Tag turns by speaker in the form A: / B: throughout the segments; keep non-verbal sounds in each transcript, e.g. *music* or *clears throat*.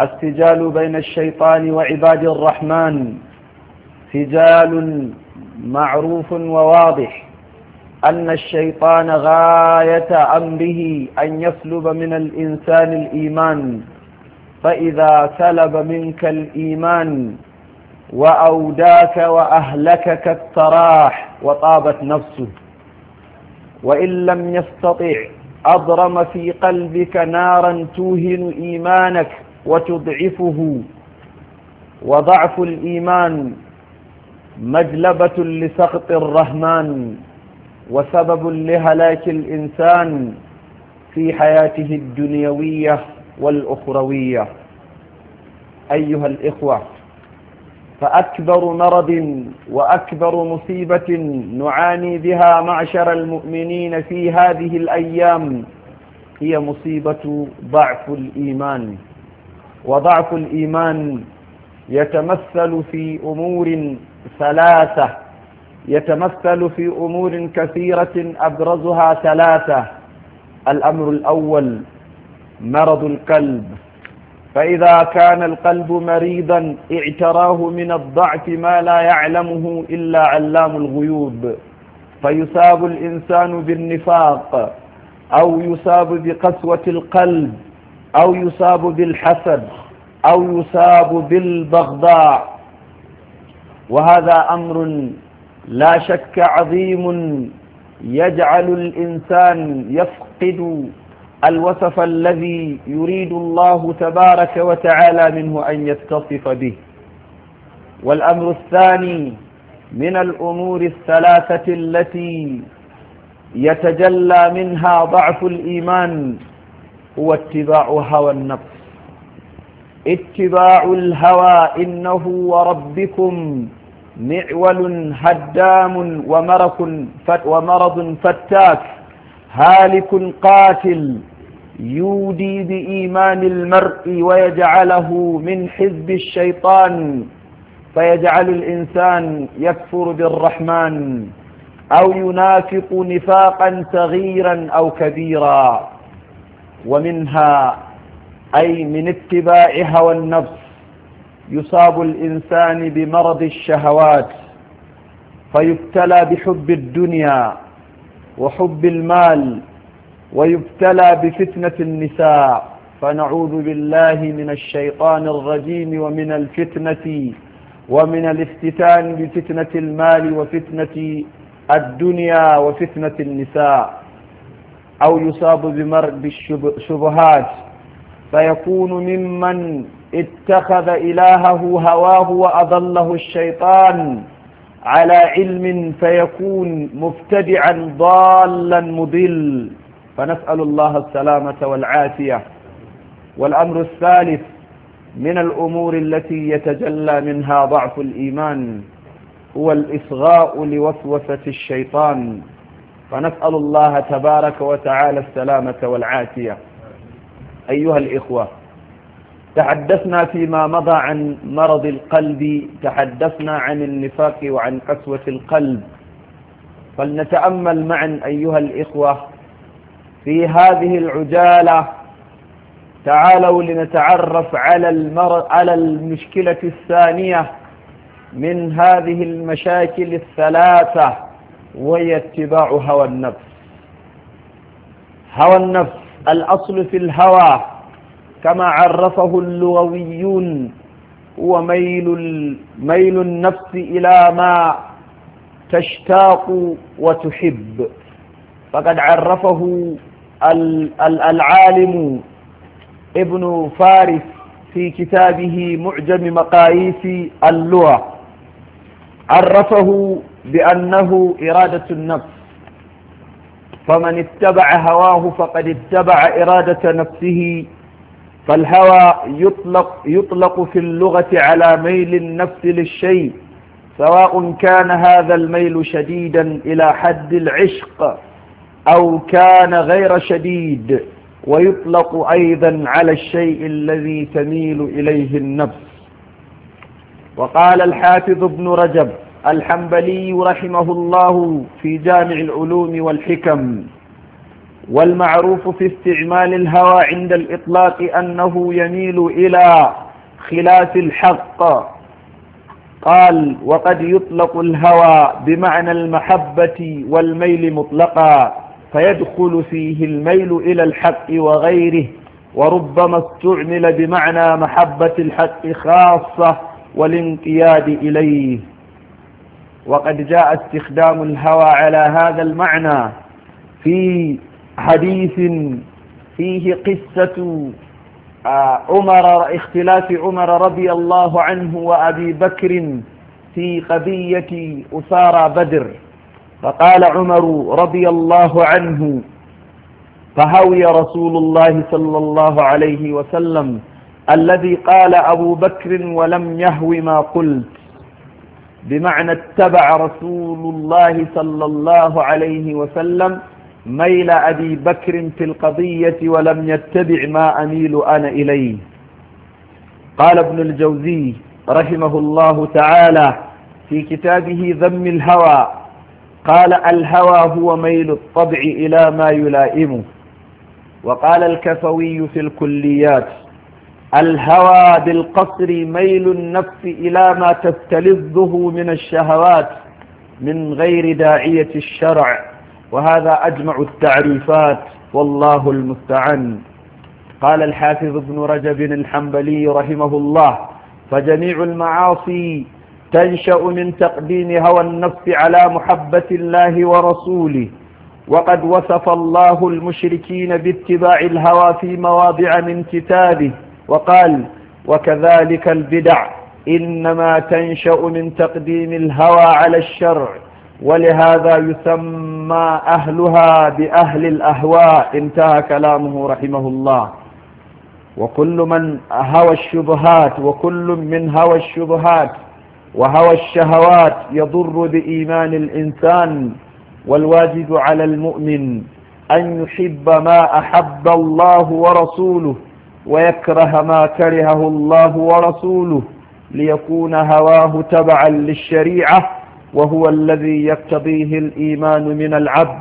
A: السجال بين الشيطان وعباد الرحمن سجال معروف وواضح أن الشيطان غاية أمره أن يسلب من الإنسان الإيمان فإذا سلب منك الإيمان وأوداك وأهلكك التراح وطابت نفسه وإن لم يستطع أضرم في قلبك نارا توهن إيمانك وتضعفه وضعف الإيمان مجلبة لسخط الرحمن وسبب لهلاك الإنسان في حياته الدنيوية والأخروية أيها الإخوة فأكبر مرض وأكبر مصيبة نعاني بها معشر المؤمنين في هذه الأيام هي مصيبة ضعف الإيمان وضعف الإيمان يتمثل في أمور ثلاثة يتمثل في أمور كثيرة أبرزها ثلاثة الأمر الأول مرض القلب فإذا كان القلب مريضا اعتراه من الضعف ما لا يعلمه إلا علام الغيوب فيصاب الإنسان بالنفاق أو يصاب بقسوة القلب أو يصاب بالحسد أو يصاب بالبغضاء وهذا أمر لا شك عظيم يجعل الإنسان يفقد الوصف الذي يريد الله تبارك وتعالى منه أن يتصف به والأمر الثاني من الأمور الثلاثة التي يتجلى منها ضعف الإيمان هو اتباع هوى النفس اتباع الهوى إنه وربكم معول هدام ومرك ومرض فتاك هالك قاتل يودي بإيمان المرء ويجعله من حزب الشيطان فيجعل الإنسان يكفر بالرحمن أو ينافق نفاقا صغيرا أو كبيرا ومنها أي من اتباع هوى النفس يصاب الإنسان بمرض الشهوات فيبتلى بحب الدنيا وحب المال ويبتلى بفتنة النساء فنعوذ بالله من الشيطان الرجيم ومن الفتنة ومن الافتتان بفتنة المال وفتنة الدنيا وفتنة النساء أو يصاب بمرض بالشبهات فيكون ممن اتخذ إلهه هواه وأضله الشيطان على علم فيكون مبتدعا ضالا مضل فنسأل الله السلامة والعافية والأمر الثالث من الأمور التي يتجلى منها ضعف الإيمان هو الإصغاء لوسوسة الشيطان فنسأل الله تبارك وتعالى السلامة والعافية أيها الإخوة تحدثنا فيما مضى عن مرض القلب تحدثنا عن النفاق وعن قسوة القلب فلنتأمل معا أيها الإخوة في هذه العجالة تعالوا لنتعرف على المر... على المشكلة الثانية من هذه المشاكل الثلاثة وهي اتباع هوى النفس هوى النفس الأصل في الهوى كما عرفه اللغويون هو ميل, ميل النفس إلى ما تشتاق وتحب فقد عرفه العالم ابن فارس في كتابه معجم مقاييس اللغة عرفه بأنه إرادة النفس فمن اتبع هواه فقد اتبع إرادة نفسه فالهوى يطلق, يطلق في اللغة على ميل النفس للشيء سواء كان هذا الميل شديدا إلى حد العشق أو كان غير شديد ويطلق أيضا على الشيء الذي تميل إليه النفس وقال الحافظ ابن رجب الحنبلي رحمه الله في جامع العلوم والحكم والمعروف في استعمال الهوى عند الإطلاق أنه يميل إلى خلاف الحق قال وقد يطلق الهوى بمعنى المحبة والميل مطلقا فيدخل فيه الميل إلى الحق وغيره وربما استعمل بمعنى محبة الحق خاصة والانقياد إليه وقد جاء استخدام الهوى على هذا المعنى في حديث فيه قصة آه، عمر اختلاف عمر رضي الله عنه وأبي بكر في قضية أسارى بدر فقال عمر رضي الله عنه فهوي رسول الله صلى الله عليه وسلم الذي قال أبو بكر ولم يهو ما قلت بمعنى اتبع رسول الله صلى الله عليه وسلم ميل أبي بكر في القضية ولم يتبع ما أميل أنا إليه قال ابن الجوزي رحمه الله تعالى في كتابه ذم الهوى قال الهوى هو ميل الطبع إلى ما يلائمه وقال الكفوي في الكليات الهوى بالقصر ميل النفس إلى ما تستلذه من الشهوات من غير داعية الشرع وهذا أجمع التعريفات والله المستعان قال الحافظ ابن رجب الحنبلي رحمه الله فجميع المعاصي تنشأ من تقديم هوى النفس على محبة الله ورسوله وقد وصف الله المشركين باتباع الهوى في مواضع من كتابه وقال وكذلك البدع إنما تنشأ من تقديم الهوى على الشرع ولهذا يسمى أهلها بأهل الأهواء انتهى كلامه رحمه الله وكل من هوى الشبهات وكل من هوى الشبهات وهوى الشهوات يضر بإيمان الإنسان والواجب على المؤمن أن يحب ما أحب الله ورسوله ويكره ما كرهه الله ورسوله ليكون هواه تبعا للشريعة وهو الذي يقتضيه الإيمان من العبد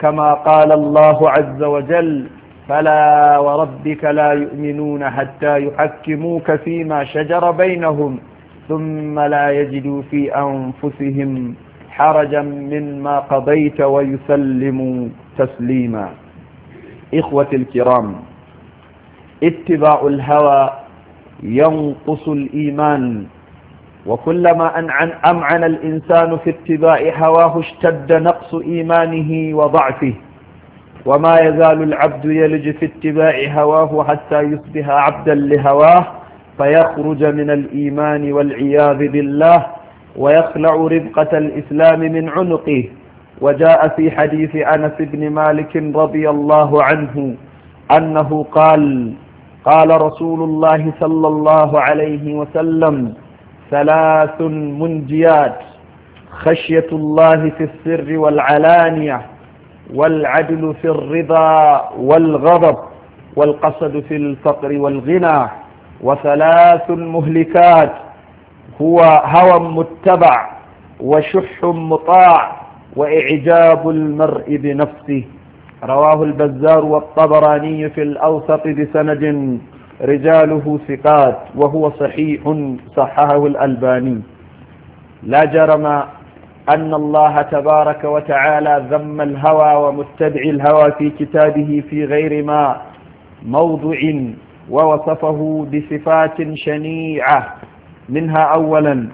A: كما قال الله عز وجل فلا وربك لا يؤمنون حتى يحكموك فيما شجر بينهم ثم لا يجدوا في أنفسهم حرجا مما قضيت ويسلموا تسليما إخوة الكرام اتباع الهوى ينقص الإيمان وكلما أنعن أمعن الإنسان في اتباع هواه اشتد نقص إيمانه وضعفه وما يزال العبد يلج في اتباع هواه حتى يصبح عبدا لهواه فيخرج من الإيمان والعياذ بالله ويخلع ربقة الإسلام من عنقه وجاء في حديث أنس بن مالك رضي الله عنه أنه قال قال رسول الله صلى الله عليه وسلم ثلاث منجيات خشية الله في السر والعلانية والعدل في الرضا والغضب والقصد في الفقر والغنى وثلاث مهلكات هو هوى متبع وشح مطاع وإعجاب المرء بنفسه رواه البزار والطبراني في الأوسط بسند رجاله ثقات وهو صحيح صححه الألباني لا جرم أن الله تبارك وتعالى ذم الهوى ومستدعي الهوى في كتابه في غير ما موضع ووصفه بصفات شنيعة منها أولا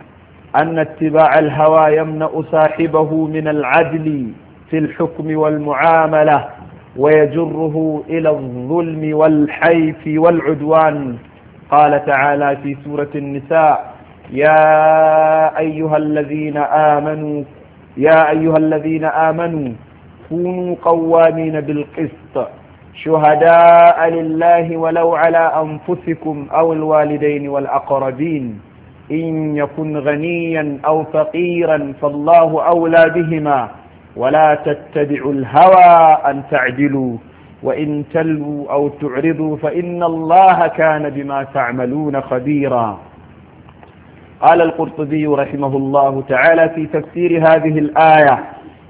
A: أن اتباع الهوى يمنأ صاحبه من العدل في الحكم والمعاملة ويجره إلى الظلم والحيف والعدوان قال تعالى في سورة النساء يا أيها الذين آمنوا يا أيها الذين آمنوا كونوا قوامين بالقسط شهداء لله ولو على أنفسكم أو الوالدين والأقربين إن يكن غنيا أو فقيرا فالله أولى بهما ولا تتبعوا الهوى أن تعدلوا وإن تلووا أو تعرضوا فإن الله كان بما تعملون خبيرا قال القرطبي رحمه الله تعالى في تفسير هذه الآية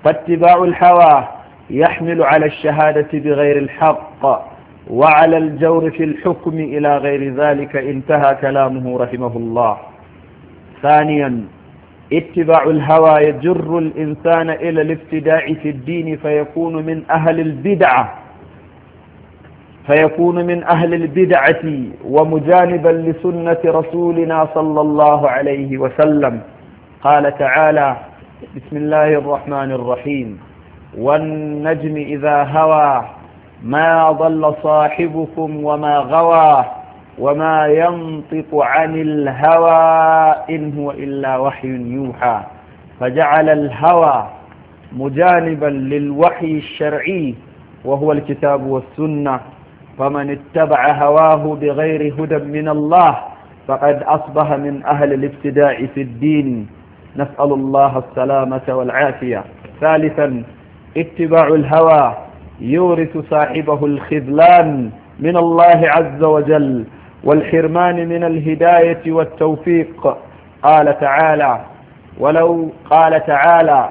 A: فاتباع الهوى يحمل على الشهادة بغير الحق وعلى الجور في الحكم إلى غير ذلك انتهى كلامه رحمه الله ثانيا اتباع الهوى يجر الإنسان إلى الابتداع في الدين فيكون من أهل البدعة فيكون من أهل البدعة ومجانبا لسنة رسولنا صلى الله عليه وسلم قال تعالى بسم الله الرحمن الرحيم والنجم إذا هوى ما ضل صاحبكم وما غوى وما ينطق عن الهوى إن هو إلا وحي يوحى فجعل الهوى مجانبا للوحي الشرعي وهو الكتاب والسنة فمن اتبع هواه بغير هدى من الله فقد أصبح من أهل الابتداء في الدين نسأل الله السلامة والعافية ثالثا اتباع الهوى يورث صاحبه الخذلان من الله عز وجل والحرمان من الهداية والتوفيق قال تعالى ولو قال تعالى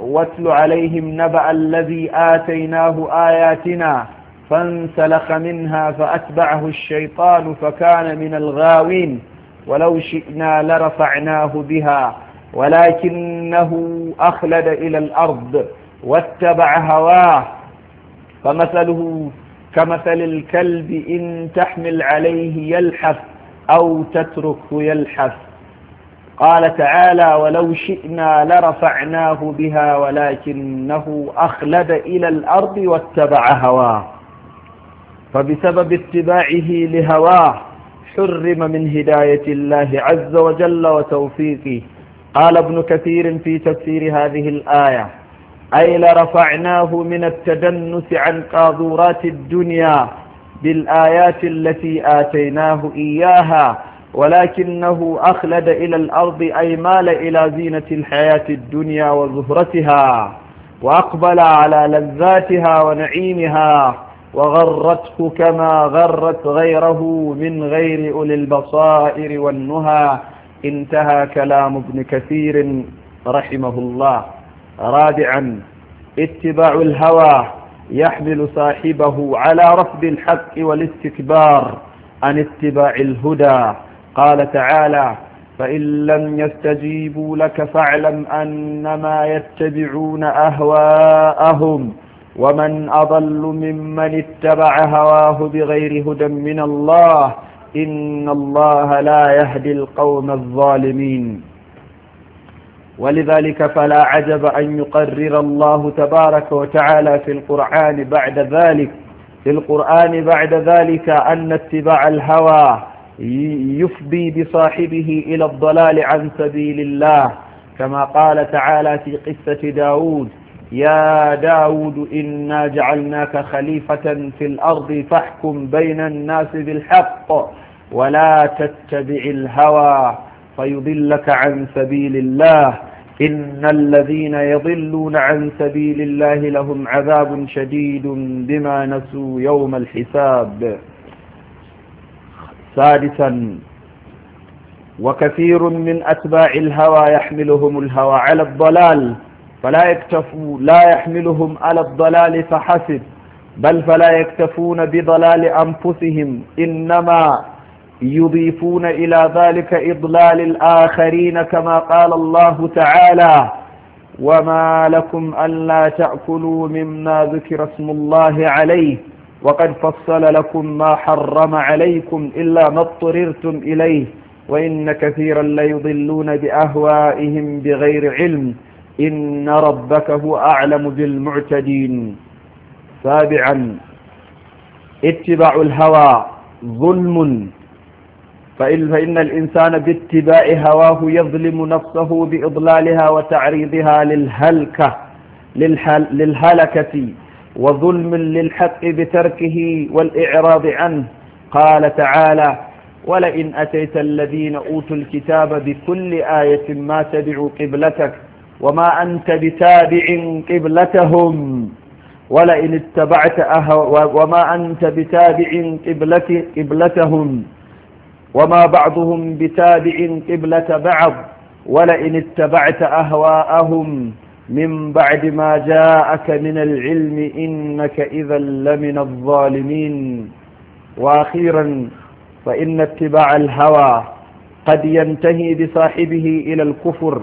A: واتل عليهم نبأ الذي آتيناه آياتنا فانسلخ منها فأتبعه الشيطان فكان من الغاوين ولو شئنا لرفعناه بها ولكنه أخلد إلى الأرض واتبع هواه فمثله كمثل الكلب إن تحمل عليه يلحف أو تتركه يلحف قال تعالى ولو شئنا لرفعناه بها ولكنه أخلد إلى الأرض واتبع هواه فبسبب اتباعه لهواه حرم من هداية الله عز وجل وتوفيقه قال ابن كثير في تفسير هذه الآية أي لرفعناه من التدنس عن قاذورات الدنيا بالآيات التي آتيناه إياها ولكنه أخلد إلى الأرض أي مال إلى زينة الحياة الدنيا وزهرتها وأقبل على لذاتها ونعيمها وغرته كما غرت غيره من غير أولي البصائر والنهى انتهى كلام ابن كثير رحمه الله رابعا اتباع الهوى يحمل صاحبه على رفض الحق والاستكبار عن اتباع الهدى قال تعالى فإن لم يستجيبوا لك فاعلم أنما يتبعون أهواءهم ومن أضل ممن اتبع هواه بغير هدى من الله إن الله لا يهدي القوم الظالمين ولذلك فلا عجب أن يقرر الله تبارك وتعالى في القرآن بعد ذلك في القرآن بعد ذلك أن اتباع الهوى يفضي بصاحبه إلى الضلال عن سبيل الله كما قال تعالى في قصة داود يا داود إنا جعلناك خليفة في الأرض فاحكم بين الناس بالحق ولا تتبع الهوى فيضلك عن سبيل الله إن الذين يضلون عن سبيل الله لهم عذاب شديد بما نسوا يوم الحساب سادسا وكثير من أتباع الهوى يحملهم الهوى على الضلال فلا يكتفوا لا يحملهم على الضلال فحسب بل فلا يكتفون بضلال أنفسهم إنما يضيفون إلى ذلك إضلال الآخرين كما قال الله تعالى وما لكم ألا تأكلوا مما ذكر اسم الله عليه وقد فصل لكم ما حرم عليكم إلا ما اضطررتم إليه وإن كثيرا ليضلون بأهوائهم بغير علم إن ربك هو أعلم بالمعتدين سابعا اتباع الهوى ظلم فإن الإنسان باتباع هواه يظلم نفسه بإضلالها وتعريضها للهلكة للهلكة وظلم للحق بتركه والإعراض عنه قال تعالى ولئن أتيت الذين أوتوا الكتاب بكل آية ما تبعوا قبلتك وما أنت بتابع قبلتهم ولئن اتبعت أهو وما أنت بتابع قبلتهم وما بعضهم بتابع قبلة بعض ولئن اتبعت أهواءهم من بعد ما جاءك من العلم إنك إذا لمن الظالمين وأخيرا فإن اتباع الهوى قد ينتهي بصاحبه إلى الكفر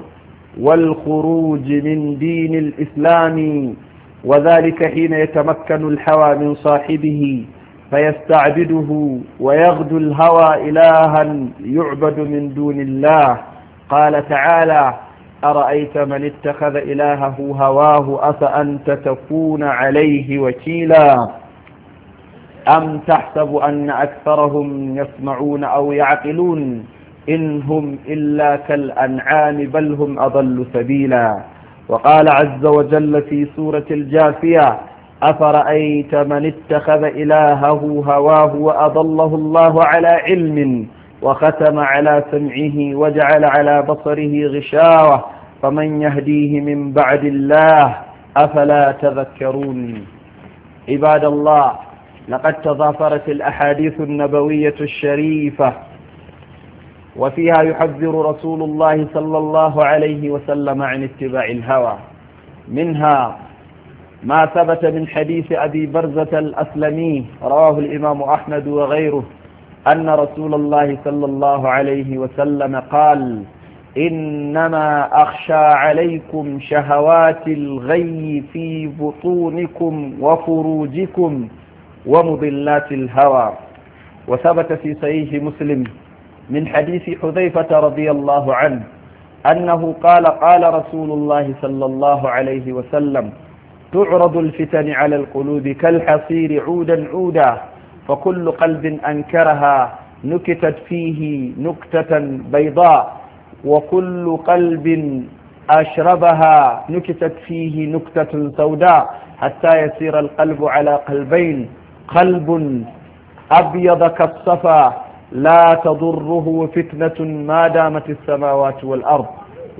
A: والخروج من دين الإسلام وذلك حين يتمكن الحوى من صاحبه فيستعبده ويغدو الهوى إلها يعبد من دون الله قال تعالى أرأيت من اتخذ إلهه هواه أفأنت تكون عليه وكيلا أم تحسب أن أكثرهم يسمعون أو يعقلون إن هم إلا كالأنعام بل هم أضل سبيلا وقال عز وجل في سورة الجافية أفرأيت من اتخذ إلهه هواه وأضله الله على علم وختم على سمعه وجعل على بصره غشاوة فمن يهديه من بعد الله أفلا تذكرون عباد الله لقد تضافرت الأحاديث النبوية الشريفة وفيها يحذر رسول الله صلى الله عليه وسلم عن اتباع الهوى منها ما ثبت من حديث أبي برزة الأسلمي رواه الإمام أحمد وغيره أن رسول الله صلى الله عليه وسلم قال إنما أخشى عليكم شهوات الغي في بطونكم وفروجكم ومضلات الهوى وثبت في صحيح مسلم من حديث حذيفة رضي الله عنه أنه قال قال رسول الله صلى الله عليه وسلم تعرض الفتن على القلوب كالحصير عودا عودا فكل قلب أنكرها نكتت فيه نكتة بيضاء وكل قلب أشربها نكتت فيه نكتة سوداء حتى يسير القلب على قلبين قلب أبيض كالصفا لا تضره فتنة ما دامت السماوات والأرض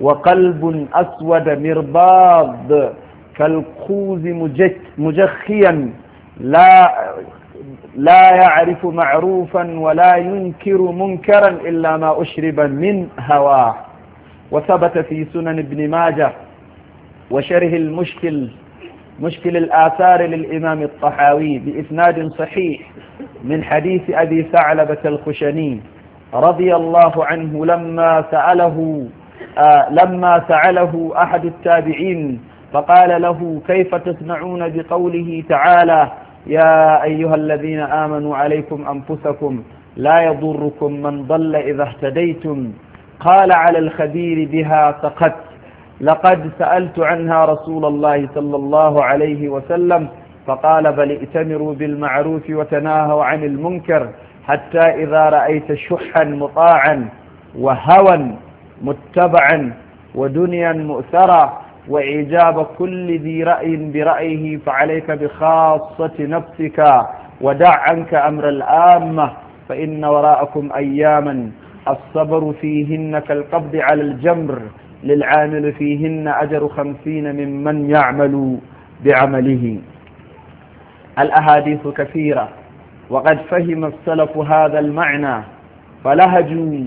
A: وقلب أسود مرباض كالخوز مجخيا لا لا يعرف معروفا ولا ينكر منكرا إلا ما أشرب من هواه وثبت في سنن ابن ماجه وشره المشكل مشكل الآثار للإمام الطحاوي بإسناد صحيح من حديث أبي ثعلبة الخشني رضي الله عنه لما سأله آه لما سأله أحد التابعين فقال له كيف تصنعون بقوله تعالى يا أيها الذين آمنوا عليكم أنفسكم لا يضركم من ضل إذا اهتديتم قال على الخبير بها سقت لقد سألت عنها رسول الله صلى الله عليه وسلم فقال بل ائتمروا بالمعروف وتناهوا عن المنكر حتى إذا رأيت شحا مطاعا وهوى متبعا ودنيا مؤثرا وإجاب كل ذي رأي برأيه فعليك بخاصة نفسك ودع عنك أمر الآمة فإن وراءكم أياما الصبر فيهن كالقبض على الجمر للعامل فيهن أجر خمسين ممن يعمل بعمله الأحاديث كثيرة وقد فهم السلف هذا المعنى فلهجوا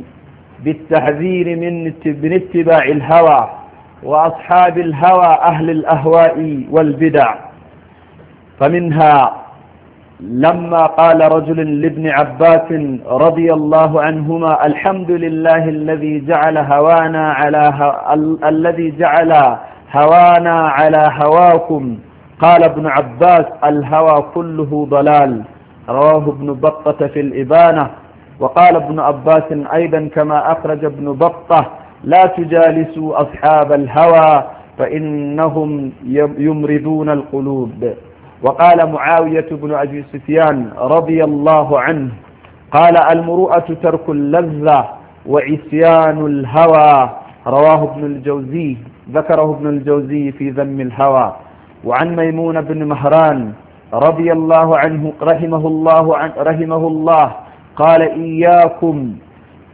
A: بالتحذير من اتباع الهوى وأصحاب الهوى أهل الأهواء والبدع فمنها لما قال رجل لابن عباس رضي الله عنهما الحمد لله الذي جعل هوانا على هو... الذي جعل هوانا على هواكم قال ابن عباس الهوى كله ضلال رواه ابن بطة في الإبانة وقال ابن عباس أيضا كما أخرج ابن بطة لا تجالسوا أصحاب الهوى فإنهم يمرضون القلوب وقال معاوية بن أبي سفيان رضي الله عنه قال المروءة ترك اللذة وعصيان الهوى رواه ابن الجوزي ذكره ابن الجوزي في ذم الهوى وعن ميمون بن مهران رضي الله عنه رحمه الله عن رحمه الله قال إياكم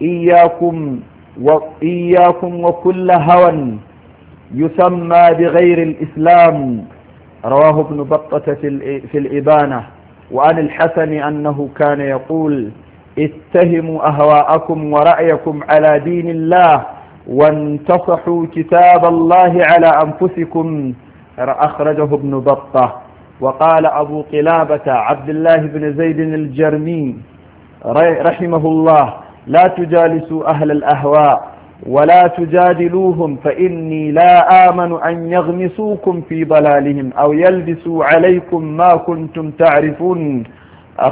A: إياكم وإياكم وكل هوى يسمى بغير الإسلام رواه ابن بطة في الإبانة وعن الحسن أنه كان يقول اتهموا أهواءكم ورأيكم على دين الله وانتصحوا كتاب الله على أنفسكم أخرجه ابن بطة وقال أبو قلابة عبد الله بن زيد الجرمي رحمه الله لا تجالسوا أهل الأهواء ولا تجادلوهم فإني لا آمن أن يغمسوكم في ضلالهم أو يلبسوا عليكم ما كنتم تعرفون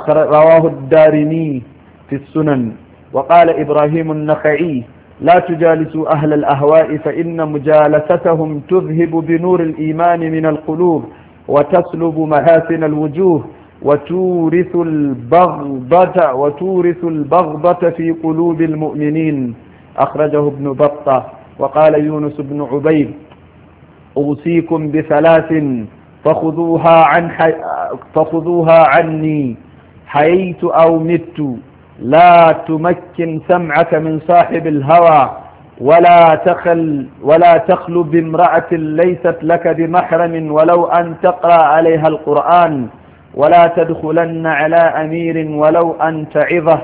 A: رواه الدارمي في السنن وقال إبراهيم النخعي لا تجالسوا أهل الأهواء فإن مجالستهم تذهب بنور الإيمان من القلوب وتسلب محاسن الوجوه وتورث البغضة وتورث البغضة في قلوب المؤمنين أخرجه ابن بطة وقال يونس بن عبيد أوصيكم بثلاث فخذوها عن فخذوها عني حييت أو مت لا تمكن سمعك من صاحب الهوى ولا تخل ولا تخلو بامرأة ليست لك بمحرم ولو أن تقرأ عليها القرآن ولا تدخلن على أمير ولو أن تعظه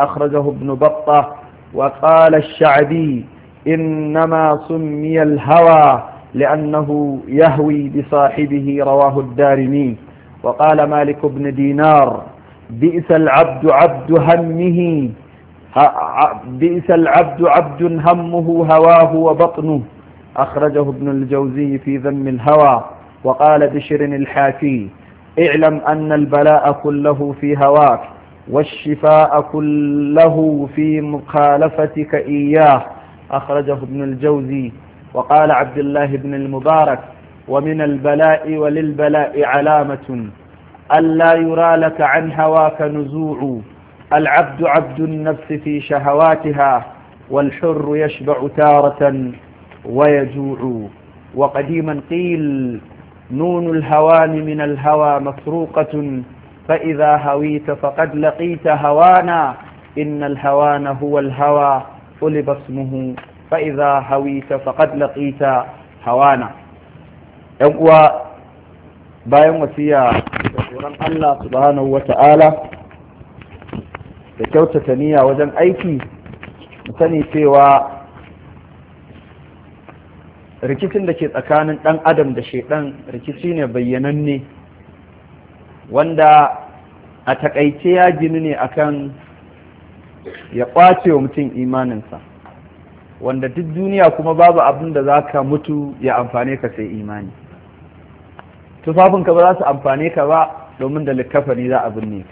A: أخرجه ابن بطة وقال الشعبي إنما سمي الهوى لأنه يهوي بصاحبه رواه الدارمي وقال مالك بن دينار بئس العبد عبد همه بئس العبد عبد همه هواه وبطنه أخرجه ابن الجوزي في ذم الهوى وقال بشر الحافي اعلم أن البلاء كله في هواك والشفاء كله في مخالفتك إياه أخرجه ابن الجوزي وقال عبد الله بن المبارك ومن البلاء وللبلاء علامة ألا يرى لك عن هواك نزوع العبد عبد النفس في شهواتها والحر يشبع تارة ويجوع وقديما قيل نون الهوان من الهوى مسروقة فإذا هويت فقد لقيت هوانا إن الهوان هو الهوى طلب اسمه فإذا هويت فقد لقيت هوانا يقوى bayan wasiya da tsoron Allah subhanahu wa ta'ala da kyautata niyya wajen aiki sani cewa rikicin da ke tsakanin ɗan adam da shaiɗan rikici ne bayyananne wanda a takaice ya gini ne akan ya ƙwace wa mutum imaninsa wanda duk duniya kuma babu abin da za ka mutu ya amfane ka sai imani tufafinka ba za su amfane ka ba domin da ne za a binne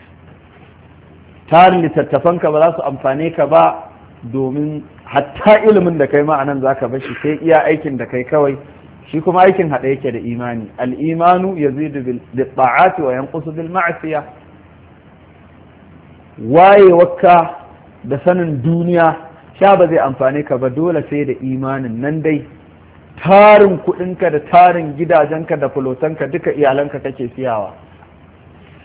A: tarin littattafanka ba za su amfane ka ba domin hatta ilimin da kai ma'anan za ka bashi sai iya aikin da kai kawai shi kuma aikin haɗe yake da imani al'imanu ya zidu da ta'ati wa yankusu bil ma'asiya wakka da sanin duniya sha ba zai amfani ka ba dole sai da imanin nan dai tarin kuɗinka da tarin gidajenka da fulotanka duka iyalanka kake siyawa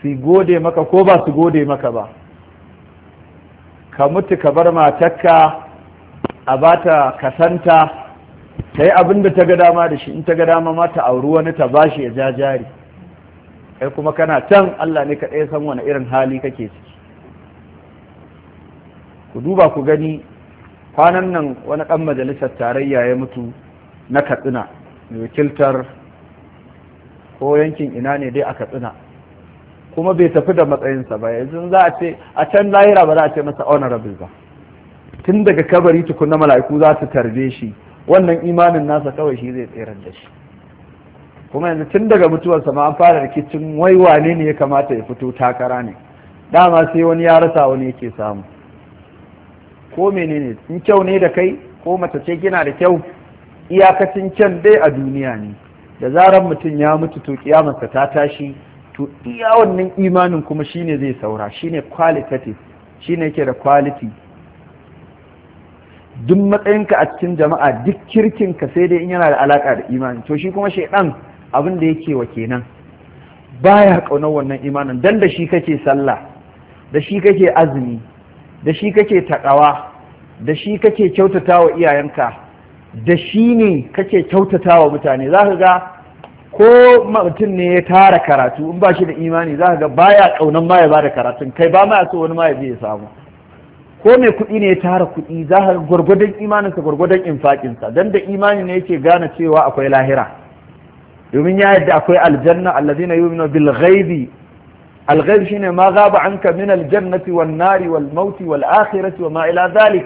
A: su gode maka ko ba su gode maka ba ka mutu ka bar matarka a bata kasanta ta yi abin da ta ga dama da shi in ta ga dama ma ta auri wani ta ba shi ya ja jari kai kuma kana can Allah ne kaɗai san wani irin hali kake ciki ku duba ku gani kwanan nan wani ɗan majalisar tarayya ya mutu na katsina mai wakiltar ko yankin ina ne dai a katsina kuma bai tafi da matsayinsa ba yanzu za a ce a can lahira ba za a ce masa honorable ba tun daga kabari tukuna mala'iku za su tarbe shi wannan imanin nasa kawai shi zai tseren da shi kuma yanzu tun daga mutuwarsa ma an fara rikicin wai wane ne ya kamata ya fito takara ne dama sai wani ya rasa wani yake samu ko menene in kyau ne da kai ko mace ce kina da kyau iyakacin kyan dai a duniya ne da zarar mutum ya mutu to kiyamarsa ta tashi to iya wannan imanin kuma shine zai saura shine qualitative shine yake da kwaliti. duk matsayinka a cikin jama'a duk kirkinka sai dai in yana da alaƙa da imani to shi kuma shaidan abin da yake wa kenan baya kaunar wannan imanin dan da shi kake sallah da shi kake azumi da shi kake taƙawa da shi kake kyautata wa iyayenka da shi ne kake kyautata wa mutane za ka ga ko mutum ne ya tara karatu in ba shi da imani za ka ga baya ƙaunar ma ya ba da karatun kai ba ma so wani ma ya je ya samu ko mai kuɗi ne ya tara kuɗi za a gwargwadon imaninsa gwargwadon infaƙinsa don da imani ne yake gane cewa akwai lahira domin ya yadda akwai aljanna allazina yu'minu bil ghaibi al ghaib shine ma ghaba anka min al jannati wan nari wal mauti wal akhirati wa ma ila zalik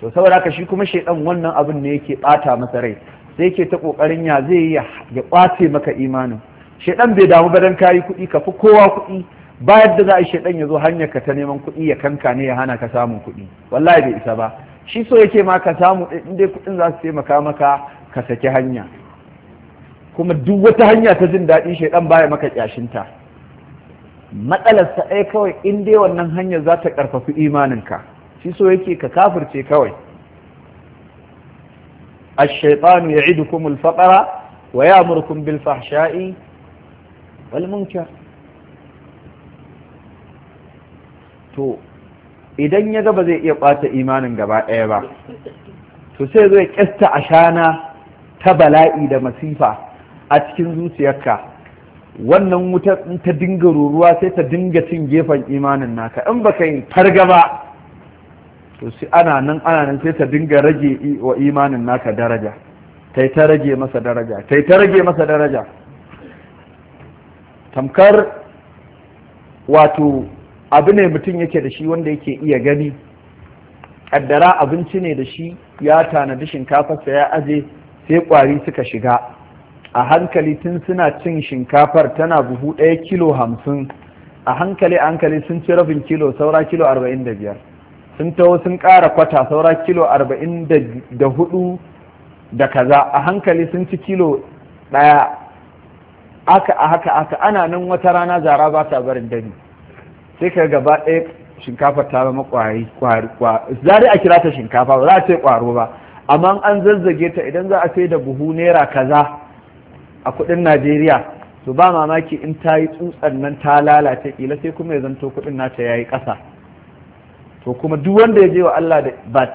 A: to saboda ka shi kuma shedan wannan abin ne yake bata masa rai sai yake ta kokarin ya zai ya kwace maka imanin shedan bai damu ba dan kayi kuɗi ka fi kowa kuɗi ba yadda za a shaidan ya zo hanyar ka ta neman kuɗi ya kanka ne ya hana ka samun kuɗi wallahi bai isa ba shi so yake ma ka samu in dai kuɗin za su taimaka maka ka saki hanya kuma duk wata hanya ta jin daɗi shaidan baya maka ƙyashinta. matsalar sa ɗaya kawai in dai wannan hanyar za ta ƙarfafi ka shi so yake ka kafirce kawai الشيطان يعدكم الفقر ويامركم بالفحشاء والمنكر to idan ya gaba zai iya ƙwata imanin gaba ɗaya ba to sai zai ƙyasta ashana ta bala'i da masifa a cikin zuciyarka wannan wuta in ta dinga ruruwa sai ta dinga cin gefen imanin naka in baka yi farga ba to sai ana nan ana nan sai ta dinga rage wa imanin naka daraja yi ta rage masa daraja yi ta rage masa daraja tamkar wato abu ne mutum yake da shi wanda yake iya gani addara abinci ne da shi ya tanadi shinkafarsa ya aje sai kwari suka shiga a hankali tun suna cin shinkafar tana buhu ɗaya kilo hamsin a hankali hankali sun ci rabin kilo saura kilo arba'in da biyar sun taho sun ƙara kwata saura kilo arba'in da hudu da kaza a hankali sun ci kilo ɗaya aka a haka aka ana nan wata rana zara ba ta barin dani sai ka gaba ɗaya shinkafa ta zama ƙwari za a kira ta shinkafa ba za a ce ƙwaro ba amma an zazzage ta idan za a sai da buhu naira kaza a kuɗin najeriya to ba mamaki in ta yi tsutsan nan ta lalace ƙila sai kuma ya zanto kuɗin nata ya yi ƙasa to kuma duk wanda ya je wa Allah da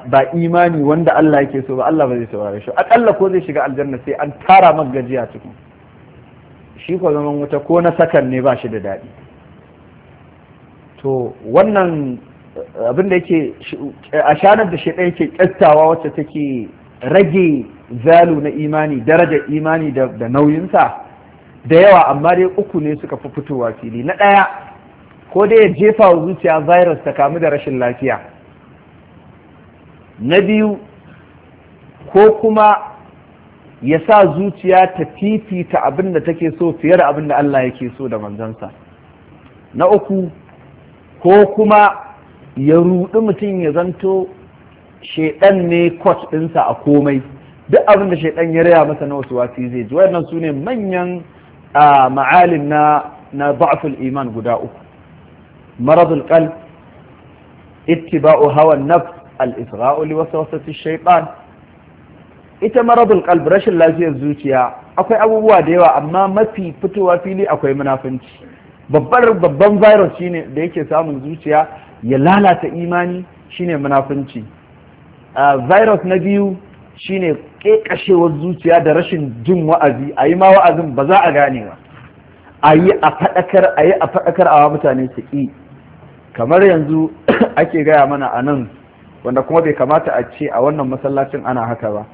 A: ba imani wanda Allah yake so ba Allah ba zai saurare shi aƙalla ko zai shiga aljanna sai an tara gajiya cikin shi ko zaman wuta ko na sakan ne ba shi da daɗi to wannan eh, abin da yake eh, a shanar da shi yake kyattawa wacce take rage zalu na imani daraja imani da nauyinsa da yawa amma dai uku ne suka fi fitowa fili na ɗaya ko dai ya jefa wa zuciya virus ta kamu da rashin lafiya na biyu ko kuma ya sa zuciya ta fifita abin da take so fiye da abin da Allah yake so da manzansa na uku ko kuma ya ruɗi mutum ya zanto shaidan ne kwas ɗinsa a komai duk abin da shaidan ya raya masa na wasu wasi zai ji wannan su ne manyan ma'alin na na iman guda uku maradul qalb ittiba'u hawa nafs al-isra'u li waswasati shaytan ita marabul qalb rashin lafiyar zuciya akwai abubuwa da yawa amma mafi fitowa fili akwai munafunci babbar babban virus shine da yake samun zuciya ya lalata imani shine munafunci virus na biyu shine kekashewar zuciya da rashin jin wa'azi a yi ma wa'azin ba za a gane ba a yi a faɗakar a yi a faɗakar a mutane su ƙi kamar yanzu *coughs* ake gaya mana a nan wanda kuma bai kamata a ce a wannan masallacin ana haka ba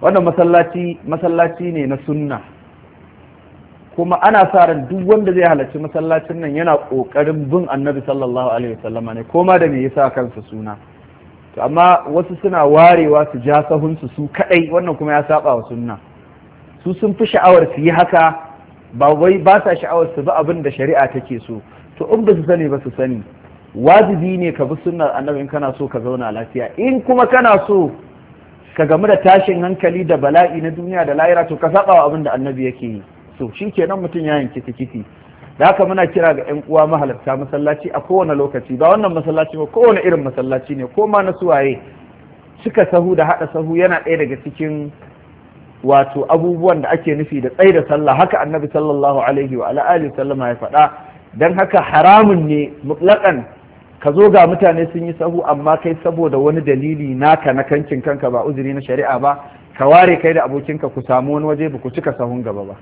A: wannan masallaci masallaci ne na sunna kuma ana sa ran duk wanda zai halarci masallacin nan yana kokarin bin annabi sallallahu alaihi wasallama ne koma da me yasa kansa suna to amma wasu suna warewa su ja sahunsu su kadai wannan kuma ya saba wa sunna su sun fi sha'awar su yi haka ba wai ba sa sha'awar su bi abin da shari'a take so to in ba su sani ba su sani wajibi ne ka bi sunnar annabi in kana so ka zauna lafiya in kuma kana so ka gamu da tashin hankali da bala'i na duniya da lahira to ka saba wa abin da annabi yake yi to shi kenan mutum ya yanki tikiti da haka muna kira ga 'yan uwa mahalarta masallaci a kowane lokaci ba wannan masallaci ba kowane irin masallaci ne ko ma na suwaye cika sahu da haɗa sahu yana ɗaya daga cikin wato abubuwan da ake nufi da tsaye da sallah haka annabi sallallahu alaihi wa alihi sallama ya faɗa dan haka haramun ne mutlaqan ka zo ga mutane sun yi sahu amma kai saboda wani dalili naka na kankin kanka ba uzuri na shari'a ba ka ware kai da abokinka ku samu wani waje ba ku cika sahun gaba ba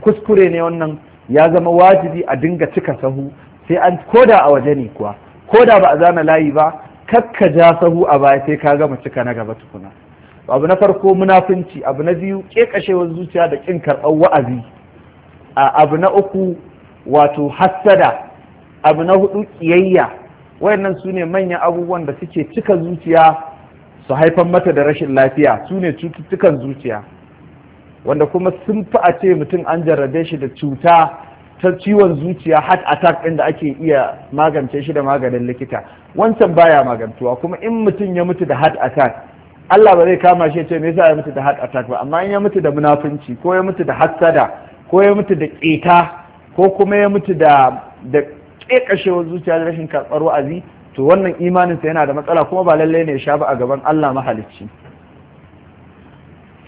A: kuskure ne wannan ya zama wajibi a dinga cika sahu sai an koda a waje ne kuwa koda ba a zana layi ba kakka ja sahu a baya sai ka gama cika na gaba tukuna abu na farko munafunci abu na biyu kekashewar zuciya da kin karɓar wa'azi abu na uku wato hassada abu na hudu kiyayya wayannan su ne manyan abubuwan da suke cika zuciya su haifar mata da rashin lafiya su ne cututtukan zuciya wanda kuma sun fi a ce mutum an jarrabe shi da cuta ta ciwon zuciya heart attack ɗin da ake iya magance shi da maganin likita wancan baya magantuwa kuma in mutum ya mutu da heart attack Allah ba zai kama shi ce me yasa ya mutu da heart attack ba amma in ya mutu da munafunci ko ya mutu da hassada ko ya mutu da ƙeta ko kuma ya mutu da da ƙeƙashewar zuciya da rashin karɓar wa'azi to wannan imaninsa yana da matsala kuma ba lallai ne ya sha ba a gaban Allah mahalicci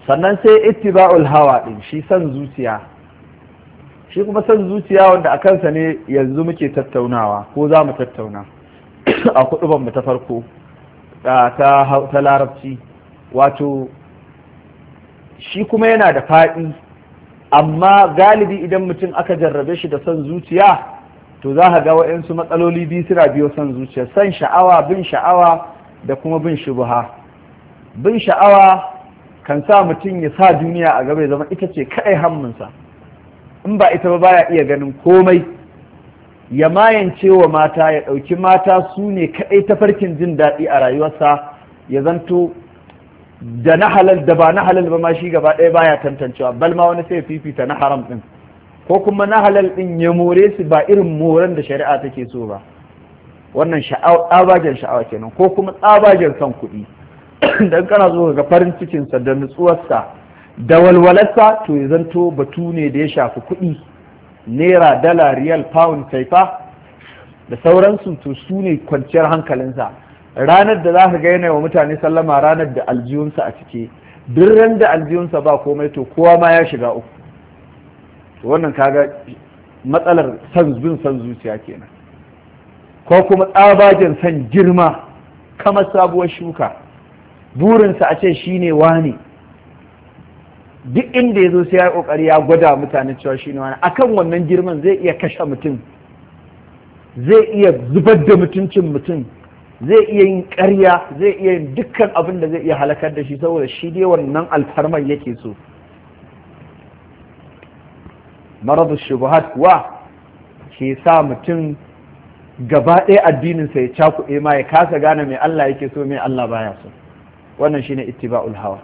A: sannan sai ittiba'ul hawa din shi san zuciya shi kuma san zuciya wanda a kansa ne yanzu muke tattaunawa ko za mu tattauna a kudubanmu ta farko ta larabci wato shi kuma yana da faɗi amma galibi idan mutum aka jarrabe shi da son zuciya to za ka ga wa'yansu matsaloli biyu suna biyo san zuciya son sha'awa bin sha'awa da kuma bin shubuha bin sha'awa kan sa mutum ya sa duniya a gaba ya zama ita ce kaɗai hamminsa in ba ita ba baya iya ganin komai ya mayance wa mata ya ɗauki mata su ne kaɗai ta farkin jin daɗi a rayuwarsa ya zanto da na halal da ba na halal ba ma shi gaba ɗaya baya tantancewa bal ma wani sai fifita na haram ɗin ko kuma na halal ɗin ya more su ba irin moren da shari'a take so ba wannan sha'awa tsabagen sha'awa kenan ko kuma tsabagen son kuɗi dan kana so ga farin cikinsa da nutsuwarsa da walwalarsa to ya zanto batu ne da ya shafi kuɗi naira dala riyal pound taifa da sauransu to su ne kwanciyar hankalinsa ranar da za ka ga yana wa mutane sallama ranar da aljihunsa a cike duk ran da aljihunsa ba komai to kowa ma ya shiga uku to wannan kaga matsalar san bin san zuciya kenan ko kuma tsabagen san girma kamar sabuwar shuka burinsa a ce shi ne wani duk inda ya zo sai ya kokari ya gwada mutane cewa shi ne wani akan wannan girman zai iya kashe mutum zai iya zubar da mutuncin mutum zai iya yin ƙarya zai iya yin dukkan abin da zai iya halakar da shi saboda shi dai wannan alfarmar yake so maradu shubuhat kuwa ke sa mutum gaba ɗaya addininsa ya cakuɗe ma ya kasa gane mai Allah yake so mai Allah baya so wannan shine ittiba'ul hawa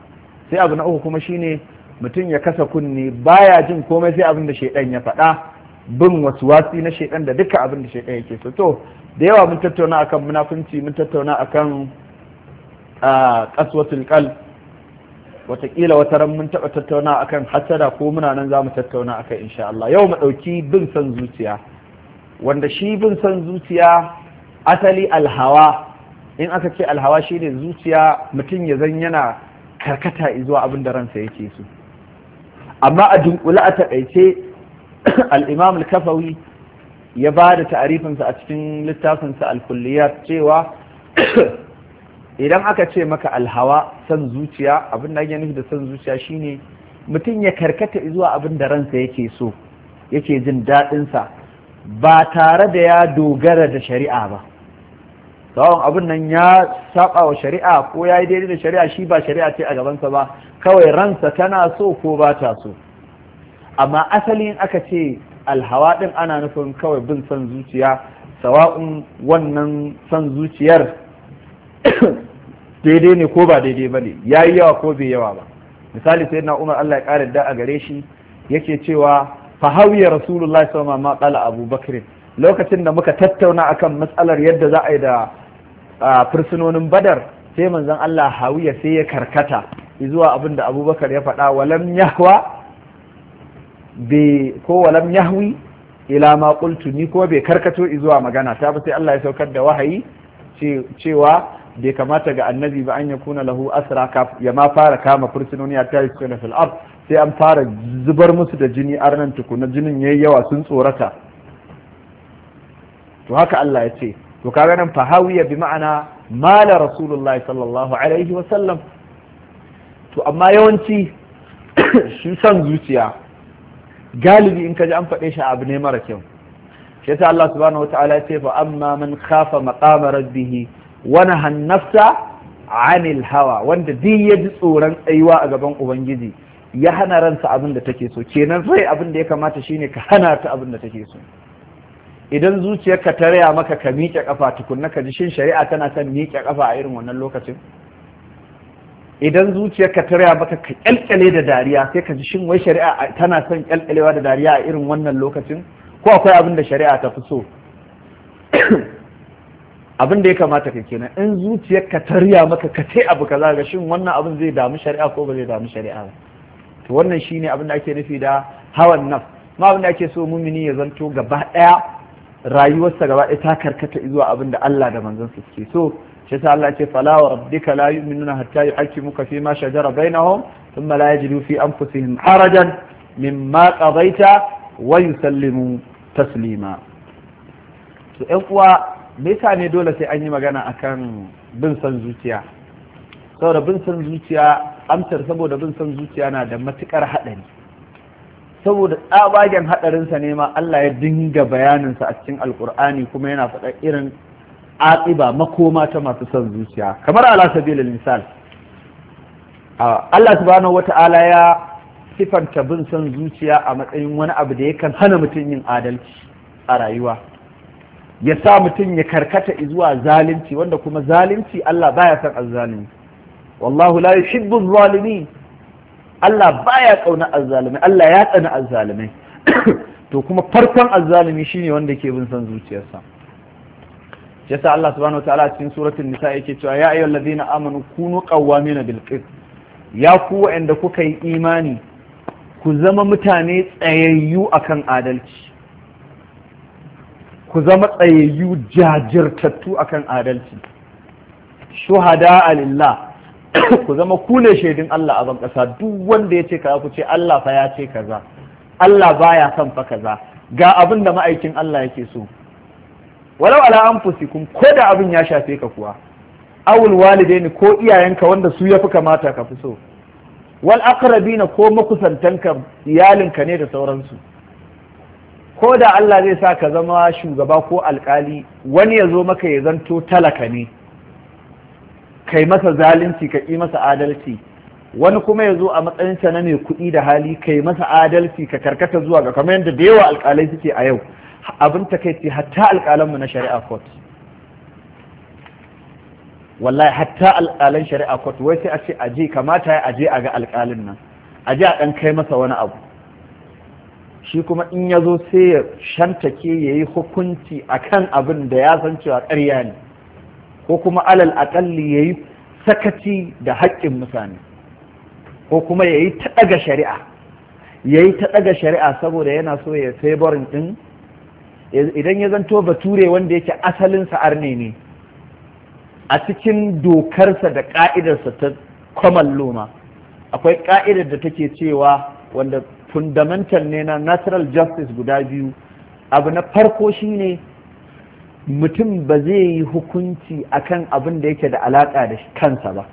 A: sai abu na uku kuma shine mutum ya kasa kunne baya jin komai sai abin da shaidan ya faɗa bin wasu wasi na shaiɗan da duka abin da shaidan yake so to da yawa mun tattauna akan munafunci mun tattauna akan qaswatul qalb watakila wata ran mun taɓa tattauna akan hasada ko muna nan za mu tattauna akan insha Allah yau mu ɗauki bin san zuciya wanda shi bin san zuciya asali alhawa in aka ce alhawa shi ne zuciya mutum ya zan yana karkata zuwa abin da ransa yake so amma a dunkule a taƙaice *clears throat* al'imam al-kafawi ya ba da ta'arifinsa a cikin littafinsa al kulliya cewa *clears throat* idan aka ce maka alhawa san zuciya abin da nufi da san zuciya shine mutum ya karkata zuwa abin da ransa yake so yake jin daɗinsa ba tare da ya dogara da shari'a ba sawon abin nan ya saba wa shari'a ko ya yi daidai da shari'a shi ba shari'a ce a gabansa ba kawai ransa tana so ko ba ta so amma asalin aka ce alhawa din ana nufin kawai bin son zuciya sawa'un wannan son zuciyar *coughs* daidai ne ko ba daidai ba ne ya yi yawa ko bai yawa ba misali sai na umar allah ya ƙara da a gare shi yake cewa fa hawiya rasulullahi sallallahu alaihi wasallam ma qala abubakar lokacin da muka tattauna akan matsalar yadda za a yi da fursunonin badar sai manzon Allah hawiya sai ya karkata zuwa abin da abubakar ya faɗa walam yahwa ko walam yahwi ila ma ni ko bai karkato zuwa magana ta ba sai Allah ya saukar da wahayi cewa bai kamata ga annabi ba an ya kuna lahu asra ya ma fara kama fursunoni a tayi suna fil sai an fara zubar musu da jini arnan tukuna jinin yayi yawa sun tsorata to haka Allah ya ce to kaga nan fahawiya bi ma'ana mala rasulullahi sallallahu alaihi wa sallam to amma yawanci *coughs* shi san zuciya galibi in kaji an faɗe shi abu ne mara kyau shi yasa Allah subhanahu wataala ya ce fa amma man khafa maqama rabbih wa nahan nafsa anil hawa wanda duk ya ji tsoron tsayuwa a gaban ubangiji ya hana ransa abin da take so kenan sai abin da ya kamata shine ka hana ta abin da take so idan zuciyarka ta raya maka ka miƙe ƙafa tukunna ka ji shin shari'a tana son miƙe ƙafa a irin wannan lokacin idan zuciyarka ta raya maka ka kyalkyale da dariya sai ka ji shin wai shari'a tana son kyalkyalewa da dariya a irin wannan lokacin ko akwai abin da shari'a ta fi so *clears throat* abin da ya kamata ka kenan in zuciyarka ta riya maka ka ce abu kaza ga shin wannan abin zai damu shari'a ko ba zai damu shari'a ba to wannan shine abin da ake nufi da hawan naf ma abin da ake so mumini ya zanto gaba daya rayuwarsa gaba ɗaya ta karkata zuwa abin da Allah da manzon su suke so shi yasa Allah ce fala wa rabbika la yu'minuna hatta yuhaqqimuka fi ma shajara bainahum thumma la yajidu fi anfusihim harajan mimma qadaita wa yusallimu taslima to ɗan uwa me yasa ne dole sai an yi magana akan bin san zuciya saboda bin san zuciya amsar saboda bin san zuciya na da matukar haɗari saboda tsabagen haɗarinsa ne ma Allah ya dinga bayaninsa a cikin alkur'ani kuma yana faɗa irin aƙiba makoma ta masu son zuciya kamar ala sabilil misal Allah subhanahu wata'ala ya sifanta bin son zuciya a matsayin wani abu da yakan hana mutum yin adalci a rayuwa ya sa mutum ya karkata zuwa zalunci wanda kuma zalunci Allah baya son azzalimi wallahu la yuhibbu zalimin Allah baya kauna azzalumai Allah ya tsani azzalumai *coughs* to kuma farkon azzalumi shine wanda ke bin san zuciyarsa yasa Allah subhanahu wataala cikin suratul nisa yake cewa ya ayyuhal ladina amanu kunu qawwamina bil qist ya ku wa'anda kuka yi imani ku zama mutane tsayayyu akan adalci ku zama tsayayyu jajirtattu akan adalci shuhada alillah *coughs* ku zama ku ne shaidin Allah a ban duk wanda ya ce ka ku ce Allah fa ya ce kaza Allah baya son fa kaza ga abin da ma'aikin Allah yake so walau ala anfusikum ko da abin ya shafe ka kuwa awul walidaini ko iyayenka wanda su yafi kamata ka fi so wal aqrabina ko makusantanka iyalinka ne da sauransu ko da Allah zai sa ka zama shugaba ko alkali wani ya zo maka ya zanto talaka ne kai masa zalunci ka ƙi masa adalci wani kuma ya zo a matsayinsa na mai kuɗi da hali kai masa adalci ka karkata zuwa ga kamar yadda da yawa alƙalai suke a yau abin ta takaici hatta alƙalanmu na shari'a court wallahi hatta alƙalan shari'a court wai sai a ce aje kamata ya aje a ga alƙalin nan aje a ɗan kai masa wani abu shi kuma in ya zo sai ya shantake ya yi hukunci akan abin da ya san cewa ƙarya ne ko kuma alal aƙalli ya yi sakaci da haƙƙin mutane ko kuma ya yi ta ɗaga shari'a ya yi ta ɗaga shari'a saboda yana so ya favorin ɗin idan ya zanto bature wanda yake asalin arne ne a cikin dokarsa da ƙa'idarsa ta common loma akwai ƙa'idar da take cewa wanda fundamental ne na natural justice guda biyu abu na farko shine mutum ba zai yi hukunci a kan abin da yake da alaƙa da kansa ba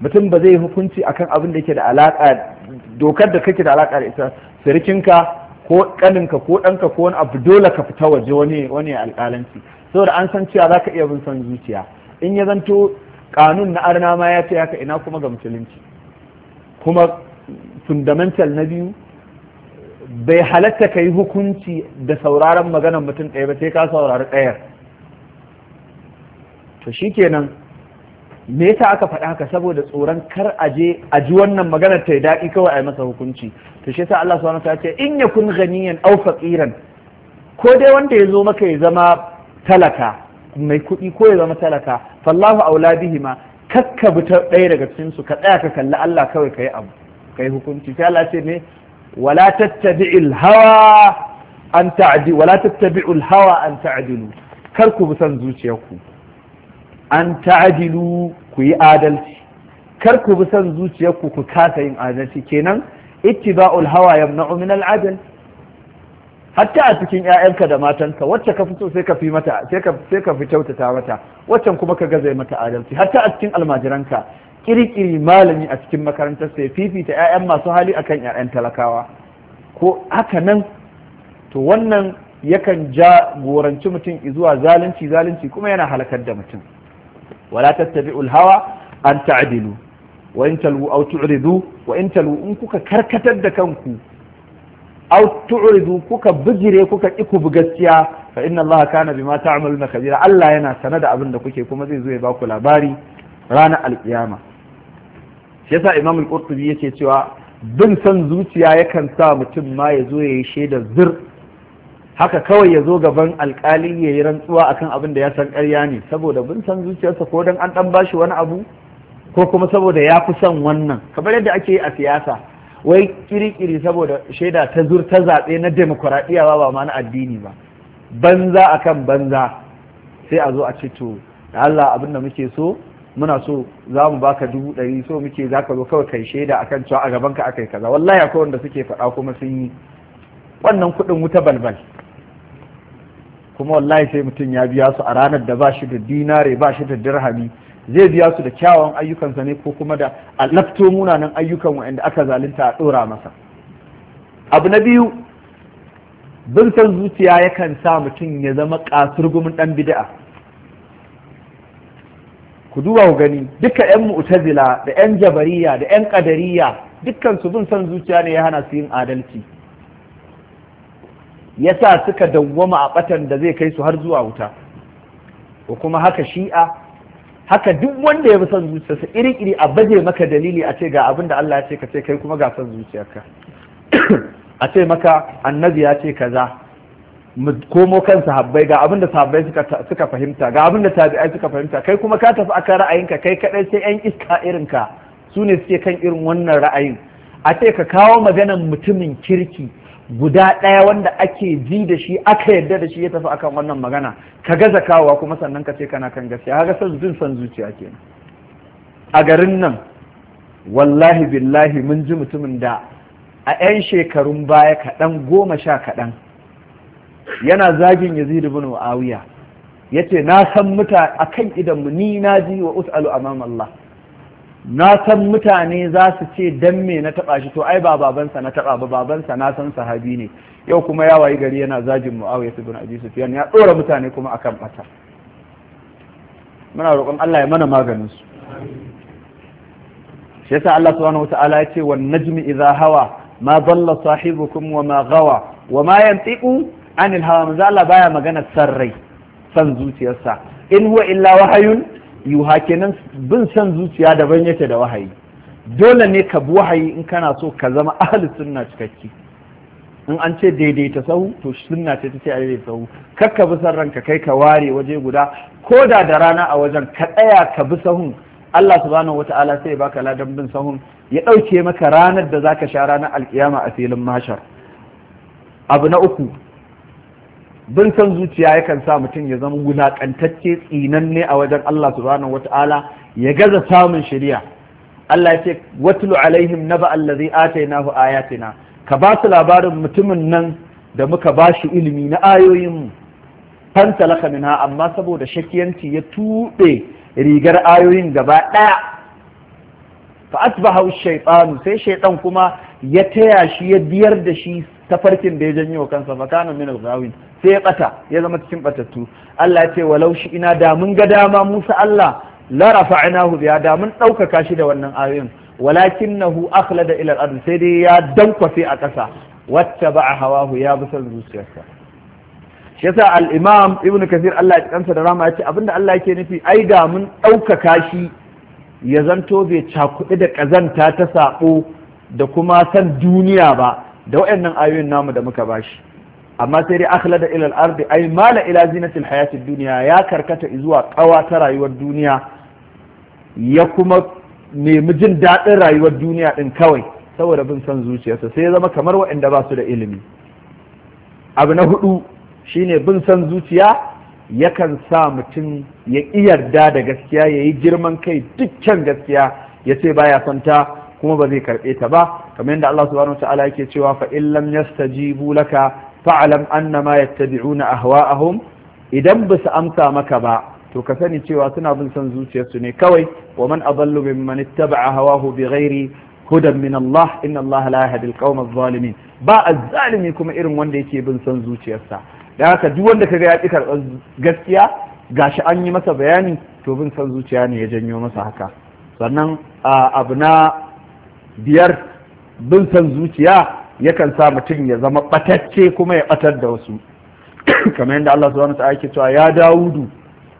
A: mutum ba zai yi hukunci a kan abin da yake da alaƙa dokar da kake da alaƙa da ita sirikinka ko ƙaninka ko ɗanka ko wani abu dole ka fita waje wani wani alƙalanci saboda an san cewa zaka iya bin son zuciya in ya zanto kanun na arna ma ya ce haka ina kuma ga musulunci kuma fundamental na biyu bai halatta ka yi hukunci da sauraron maganar mutum ɗaya ba sai ka saurari ɗayar to shikenan me yasa aka faɗa haka saboda tsoron kar a je a ji wannan maganar ta yi daɗi kawai a yi masa hukunci to shi yasa Allah subhanahu ce in yakun ganiyan aw faqiran ko dai wanda ya zo maka ya zama talaka mai kuɗi ko ya zama talaka fallahu aula ma. kakka bi ɗaya daga cikin su ka tsaya ka kalli Allah kawai kai abu kai hukunci sai Allah ce ne wala tattabi'il hawa an ta'di kar ku bi san zuciyarku an ta'dilu ku yi adalci kar ku bi san zuciyarku ku kasa yin adalci kenan ittiba'ul hawa yamna'u min al-adl hatta a cikin ƴaƴanka da matanka wacce ka ka fi mata kyautata mata waccan kuma ka gaza mata adalci hatta a cikin almajiranka kirkiri malami a cikin makarantar sai fifita 'ya'yan masu hali akan 'ya'yan talakawa ko haka nan to wannan yakan ja goranci mutum zuwa zalunci zalunci kuma yana halakar da mutum wala tattabi'ul hawa an ta'dilu wa in talu aw tu'ridu wa in talu in kuka karkatar da kanku aw tu'ridu kuka bijire kuka ki ku gaskiya fa inna allaha kana bima ta'maluna khabira Allah yana sanada da abin da kuke kuma zai zo ya baku labari ranar alkiyama shi yasa imam qurtubi yake cewa bin san zuciya yakan sa mutum ma ya zo ya yi shaidar zir haka kawai ya zo gaban alkali ya yi rantsuwa akan abin da ya san karya ne saboda bin san zuciyarsa ko don an ɗan bashi wani abu ko kuma saboda ya fi son wannan kamar yadda ake yi a siyasa wai kirikiri saboda shaida ta zur ta zaɓe na demokuraɗiyya ba ma na addini ba banza akan banza sai a zo a ce to Allah abin da muke so muna so za mu baka dubu ɗari so muke za ka zo kawai kai shaida kan cewa a gaban ka aka yi kaza wallahi akwai wanda suke faɗa kuma sun yi wannan kuɗin wuta balbal kuma wallahi sai mutum ya biya su a ranar da ba shi da dinare ba shi da dirhami zai biya su da kyawawan ayyukansa ne ko kuma da alafto munanan ayyukan wa'anda aka zalunta a ɗora masa abu na biyu bin san zuciya yakan sa mutum ya zama kasurgumin ɗan bida'a ku duba ku gani duka yan mu'tazila da yan jabariya da yan qadariya dukkan su bin son zuciya ne ya hana su yin adalci yasa suka dawwama a batan da zai kai su har zuwa wuta ko kuma haka shi'a haka duk wanda ya bi son sa iri iri a baje maka dalili a ce ga abinda da Allah ya ce ka ce kai kuma ga son zuciyarka *coughs* a ce maka annabi ya ce kaza komo kan sahabbai ga abin da sahabbai suka fahimta ga abin da tabi'ai suka fahimta kai kuma ka tafi akan ra'ayinka kai kadai sai yan iska irinka su ne suke kan irin wannan ra'ayin a ce ka kawo maganan mutumin kirki guda ɗaya wanda ake ji da shi aka yarda da shi ya tafi akan wannan magana ka gaza kawowa kuma sannan ka ce kana kan gaskiya haka san jin san zuciya kenan a garin nan wallahi billahi mun ji mutumin da a 'yan shekarun baya kaɗan goma sha kaɗan yana zagin yazid ibn muawiya yace na san mutane akan idan mu ni ji wa usalu amam Allah na san mutane za su ce dan me na taba shi to ai ba babansa na taba ba babansa na san sahabi ne yau kuma ya wayi gari yana zagin muawiya ibn abi sufyan ya dora mutane kuma akan bata muna roƙon Allah ya mana maganin su shi yasa Allah subhanahu wata'ala ya ce wan najmi idha hawa ma dalla sahibukum wa ma gawa wa ma yantiqu anil hawa manzo Allah baya magana san rai san zuciyarsa in huwa illa wahayun yuha kenan bin san zuciya daban yake da wahayi dole ne ka bi wahayi in kana so ka zama ahli sunna cikakke in an ce daidaita sahu to sunna ce ta ce a daidaita sahu kakka bi san ranka kai ka ware waje guda ko da da rana a wajen ka tsaya ka bi sahun Allah subhanahu wata'ala sai baka ladan bin sahun ya ɗauke maka ranar da zaka sha ranar alkiyama a filin mashar abu na uku bin san zuciya yakan sa mutum ya zama wulaƙantacce tsinanne a wajen Allah subhanahu wata'ala ya gaza samun shari'a Allah ya ce watlu alaihim naba allazi atainahu ayatina ka ba su labarin mutumin nan da muka ba shi ilimi na ayoyin mu fantalaka ha, amma saboda shakiyanci ya tuɓe rigar ayoyin gaba ɗaya fa asbaha shaytanu sai shaytan kuma ya taya shi ya biyar da shi tafarkin da ya janyo kansa fa kana min al sai ya ɓata, ya zama cikin batattu Allah ya ce walau shi ina da mun ga dama Musa Allah la rafa'nahu biya da mun daukaka shi da wannan ayoyin walakinahu akhlada ila al-ard sai dai ya dankwafe a ƙasa hawa hawahu ya bi son zuciyarsa shi yasa al-imam ibnu kathir Allah ya kansa da rama ya ce abinda Allah yake nufi ai da mun daukaka shi ya zanto bai kuɗi da ƙazanta ta saɓo da kuma san duniya ba da waɗannan ayoyin namu da muka bashi amma sai dai akhlada ila al-ardi ay mala ila zinatil hayatid dunya ya karkata zuwa kawa ta rayuwar duniya ya kuma nemi jin daɗin rayuwar duniya din kawai saboda bin san zuciyarsa sai ya zama kamar waɗanda ba su da ilimi abu na hudu shine bin san zuciya yakan sa mutum ya iyarda da gaskiya ya yi girman kai dukkan gaskiya ya ce baya son ta kuma ba zai karɓe ta ba kamar yadda Allah subhanahu wa yake cewa fa in lam yastajibu laka fa'lam annama yattabi'una ahwa'ahum idan ba su amsa maka ba to ka sani cewa suna bin son zuciyarsu ne kawai wa man adallu mimman ittaba'a hawahu bighairi hudan min Allah inna Allah la yahdi al adh-dhalimin ba az-zalimi kuma irin wanda yake bin son zuciyarsa dan haka duk wanda kaga ya ki karɓar gaskiya gashi an yi masa bayani to bin son zuciya ne ya janyo masa haka sannan abu na biyar bin san zuciya yakan sa mutum ya zama batacce kuma ya batar da wasu *coughs* kamar yadda Allah subhanahu wa ta'ala yake cewa ya Dawudu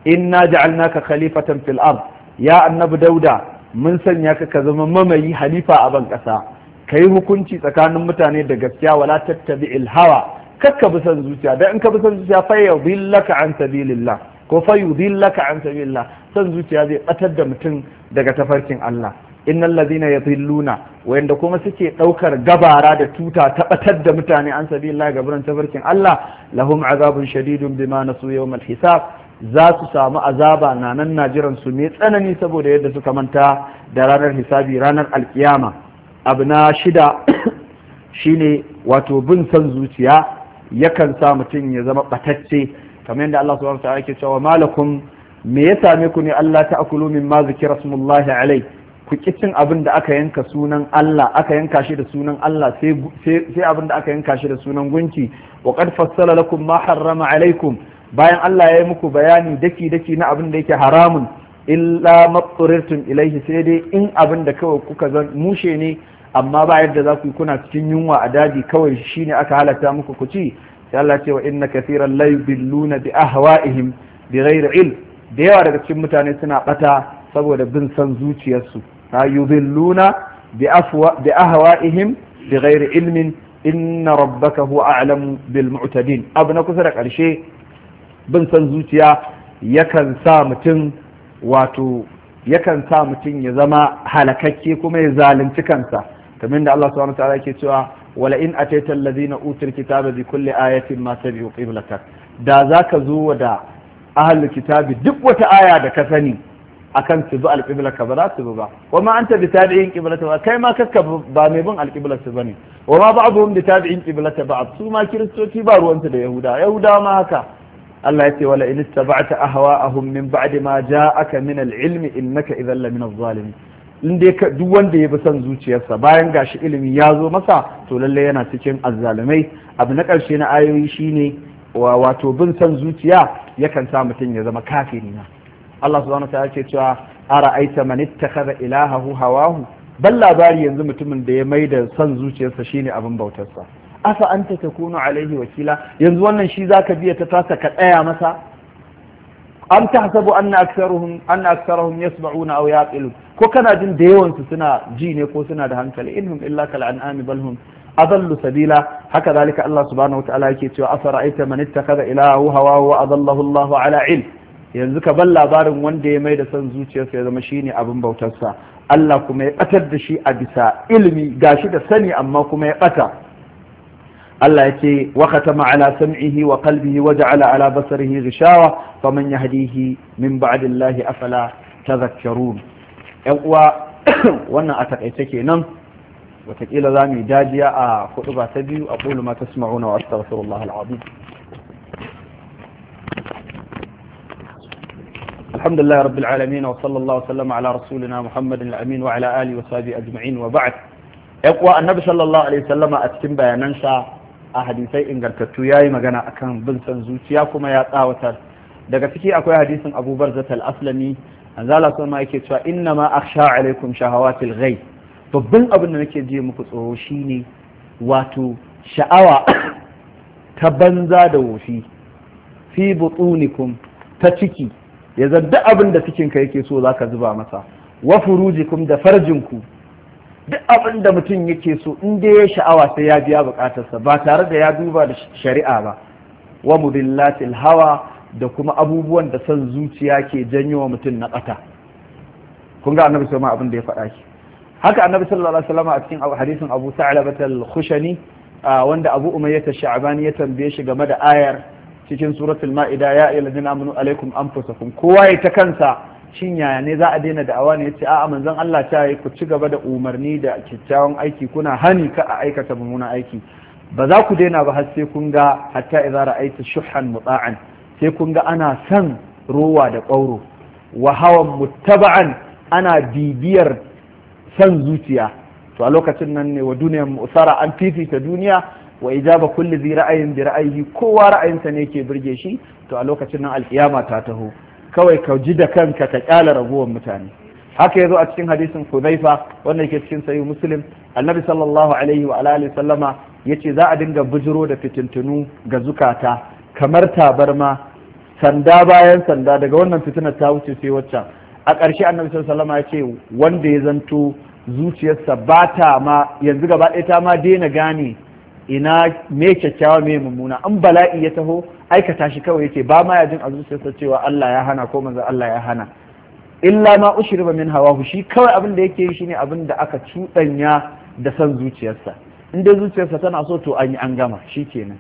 A: inna ja'alnaka khalifatan fil ard ya annabi Dauda mun sanya ka ka zama mamayi halifa a ban kasa kai hukunci tsakanin mutane da gaskiya wala tattabi'il hawa kakka bi san zuciya dan in ka bi san zuciya fa yudillaka an sabilillah ko fa yudillaka an sabilillah san zuciya zai batar da mutum daga tafarkin Allah innal ladina yadhilluna wayanda kuma suke daukar gabara da tuta ta batar da mutane an ga gabaran tafarkin Allah lahum azabun shadidun bima nasu yawmal hisab za su samu azaba na nan najiran su mai tsanani saboda yadda suka manta da ranar hisabi ranar alkiyama abu na shida *coughs* shine wato bin san zuciya yakan sa mutum ya zama batacce kamar yadda Allah subhanahu wa ta'ala yake cewa malakum me ya same ku ne Allah ta'kulu mimma zikra smullahi alayhi ku ƙi cin abin da aka yanka sunan Allah aka yanka shi da sunan Allah sai abin da aka yanka shi da sunan gunki wa qad fassala lakum ma harrama alaikum bayan Allah ya yi muku bayani daki daki na abin da yake haramun illa matsurirtum ilaihi sai dai in abin da kawai kuka zan mushe ne amma ba yadda za ku yi kuna cikin yunwa a daji kawai shine aka halatta muku ku ci sai Allah ce wa inna kathiran la yudilluna bi ahwa'ihim bi ghairi ilm da yawa daga cikin mutane suna ɓata saboda bin san zuciyarsu yudhilluna bi afwa bi ahwa'ihim bi ghairi ilmin inna rabbaka huwa a'lamu bil mu'tadin abu na kusa da karshe bin san zuciya yakan sa mutum ya zama halakakke kuma ya zalunci kansa kamar da Allah subhanahu ke ta'ala yake cewa wala in ataita alladhina utul kitaba bi kulle ayatin ma tabi'u qiblatak da zaka zo da ahlul kitabi duk wata aya da ka sani akan su bi alƙiblar ka ba za su bi ba wa ma anta bi tabi'in qiblata ba kai ma kakka ba mai bin alƙiblar su bane wa ma ba'dhum bi tabi'in qiblata ba su ma kiristoci ba ruwanta da yahuda yahuda ma haka Allah ya ce wala in istaba'ta ahwa'ahum min ba'di ma ja'aka min al-ilm innaka idhal min adh-dhalimin in ka duk wanda ya bi son zuciyarsa bayan gashi ilimi ya zo masa to lalle yana cikin azzalumai abu na karshe na ayoyi shine wato bin son zuciya yakan sa mutum ya zama kafiri na Allah subhanahu wa ta'ala ce cewa ara'aita man ittakhadha ilahahu hawahu bal labari yanzu mutumin da ya maida son zuciyarsa shine abin bautarsa afa anta takunu alaihi wakila yanzu wannan shi zaka biya ta tasa ka tsaya masa an tahsabu anna aktharuhum anna aktharuhum yasma'una aw yaqilun ko kana jin da yawan su suna ji ne ko suna da hankali inhum illa kal an'ami bal hum adallu sabila haka zalika Allah subhanahu wa ta'ala yake cewa afara'aita man ittakhadha ilahahu hawahu wa adallahu Allah ala ilm yanzu ka ban labarin wanda ya mai da son zuciyarsa ya zama shine abin bautarsa Allah kuma ya batar da shi a bisa ilimi gashi da sani amma kuma ya bata Allah ya ce wa khatama ala sam'ihi wa qalbihi wa ja'ala ala basarihi ghishawa faman yahdihi min ba'dillahi afala tadhakkarun yan uwa *coughs* wannan a takaice kenan watakila za mu yi dajiya a kudu ba ta biyu a ƙulu ma tasma'una wa astaghfirullah al-azim الحمد لله رب العالمين وصلى الله وسلم على رسولنا محمد الأمين وعلى آله وصحبه أجمعين وبعد يقوى النبي صلى الله عليه وسلم أتكم بيانانسا أحاديثي إن قرتتو ياي مغانا daga ciki akwai hadisin Abu Barzat aslami anzala sun ma yake cewa innama akhsha alaikum shahawatil ghay babban abin da nake ji muku tsoro shine wato sha'awa *coughs* ta banza da wofi fi ta ciki ya zadda abin da cikinka yake so za ka zuba masa wa furujikum da farjinku duk abin da mutum yake so in dai ya sha'awa sai ya biya bukatarsa ba tare da ya duba da shari'a ba wa mudillatil hawa da kuma abubuwan da son zuciya ke janyo wa mutum na ƙata kun ga annabi sallallahu abin da ya faɗa shi haka annabi sallallahu alaihi wasallam a cikin hadisin Abu Sa'labat khushani wanda Abu Umayyah shabani ya tambaye shi game da ayar cikin suratul ma'ida ya ayyuhal ladina amanu alaikum anfusakum kowa yayi ta kansa shin yaya ne za a daina da'awa ne yace a'a manzon Allah ta yi ku ci gaba da umarni da kyakkyawan aiki kuna hani ka a aikata mumuna aiki ba za ku daina ba har sai kun ga hatta idza ra'aita shuhan muta'an sai kun ga ana san ruwa da ƙauro wa hawan muttaba'an ana bibiyar san zuciya to a lokacin nan ne wa duniyar musara an fifita duniya wa ijaba kulli zai ra'ayin bi ra'ayi kowa ra'ayinsa ne ke birge shi to a lokacin nan alƙiyama ta taho kawai ka ji da kanka ka ƙyale ragowar mutane haka ya zo a cikin hadisin Hudhaifa wanda yake cikin sahih Muslim annabi sallallahu alaihi wa alihi sallama yace za a dinga bujiro da fitintunu ga zukata kamar tabarma sanda bayan sanda daga wannan fitinar ta wuce sai waccan a ƙarshe annabi sallallahu alaihi ya ce wanda ya zanto zuciyarsa ba ta ma yanzu gaba ɗaya ta ma daina gane ina me kyakkyawa me mummuna an bala'i ya taho aikata shi kawai yake ba ma ya a zuciyarsa cewa Allah ya hana ko manzo Allah ya hana illa ma ushriba min hawahu shi kawai abin da yake yi shine abin da aka cuɗanya da san zuciyarsa in dai zuciyarsa tana so to an yi an gama shi shikenan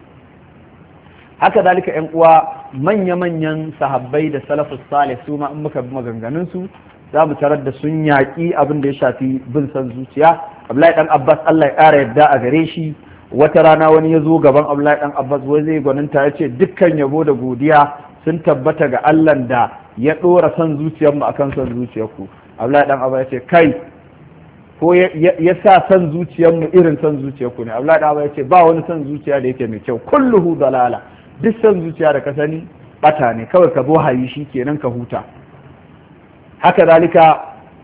A: haka dalika yan uwa manya-manyan sahabbai da salafus salih su ma in muka bi maganganun su za mu tarar da sun yaƙi abin da ya shafi bin san zuciya Abdullahi dan Abbas Allah ya ƙara yadda a gare shi wata rana wani ya zo gaban abdullahi dan abbas wai zai gwaninta ya ce dukkan yabo da godiya sun tabbata ga allan da ya ɗora son zuciyar mu akan son zuciyar ku abdullahi dan abbas ya ce kai ko ya sa son zuciyar mu irin son zuciyar ku ne abdullahi dan abbas ya ce ba wani son zuciya da yake mai kyau kulluhu dalala duk son zuciya da ka sani bata ne kawai ka zo hayi shi kenan ka huta haka zalika